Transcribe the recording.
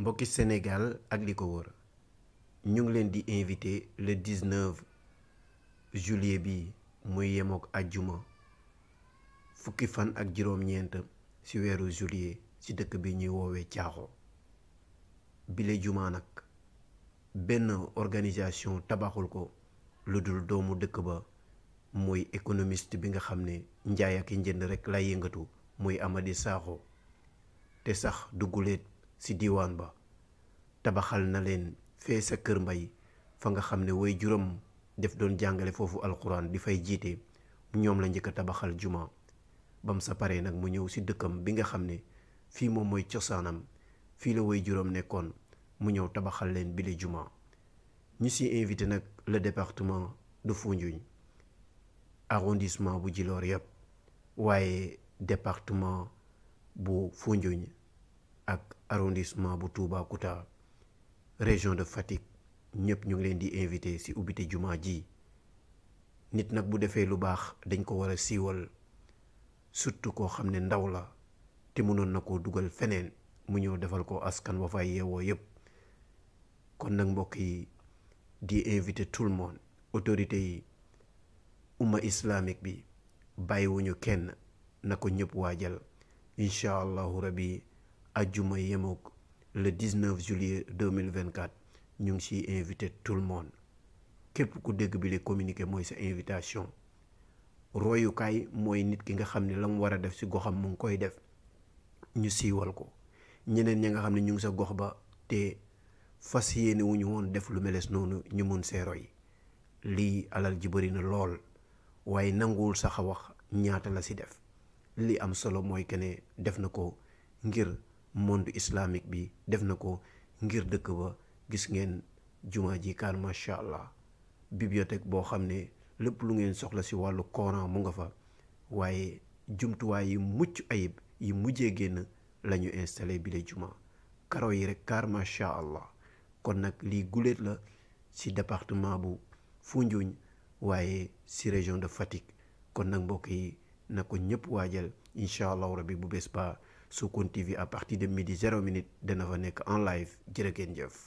mbokki Sénégal ak li ko wër ñu ngi leen di invité le 19 juillet bi muy yemook àjjuma fukki fan ak juróom-ñeent ci weeru juillet ci dëkk bi ñuy woowee Caaxo bile juma nag benn organisation tabaxul ko lu dul doomu dëkk ba muy économiste bi nga xam ne njaay ak jënd rek lay yëngatu muy Amady Sakho te sax dugguleet ci diwaan ba tabaxal na leen fee sa kër mbay fa nga xam ne woy juróom def doon jàngale foofu alxuraan di fay jiite ñoom la njëkk a tabaxal juma bam sa pare nag mu ñëw si dëkkam bi nga xam ne fii moom mooy cosaanam fii la woy juróom nekkoon mu ñëw tabaxal leen bile juma ñu si invité nag le département de Foundiougne arrondissement bu jiloor yëpp waaye département bu Foundiougne ak arrondissement bu Toubacouta région de Fatick ñëpp ñu ngi leen di invité ci ubbite jumaa ji nit nag bu defee lu baax dañ ko war a siiwal surtout koo xam ne ndaw la te mënoon na ko dugal feneen mu ñëw defal ko askan wa fay yeewoo yëpp kon nag mbokk yi di invité tout le monde autorité yi umma islamique bi bàyyiwuñu kenn na ko ñëpp waajal incha allahu rabbi ajjuma yemoog le 19 juillet 2024 ñu ngi ciy invité tout le monde képp ku dégg bi le communiqué mooy sa invitation royukaay mooy nit ki nga xam ne la mu war a def ci goxam mu ngi koy def ñu siiwal ko ñeneen ñi nga xam ne ñu ngi sa gox ba te fas yéene wu ñu woon def lu meles noonu ñu mun see roy lii alal ji bëri na lool waaye nanguwul sax wax ñaata la ci def li am solo mooy que ne def na ko ngir monde islamique bi def na ko ngir dëkk ba gis ngeen juma ji kaan macha allah bibliothèque boo xam ne lépp lu ngeen soxla si wàllu Coran mu nga fa waaye jumtuwaay yi mucc ayib yi mujjee génn la ñu installé bi la juma karo yi rek car macha allah kon nag lii guléet la si département bu Foundiougne waaye si région de Fatick kon nag mbokk yi na ko ñëpp waajal incha allahu rabbi bu bees ba Sokone TV à partir de midi zéro minute dana fa nekk en live jërë ngeen jëf.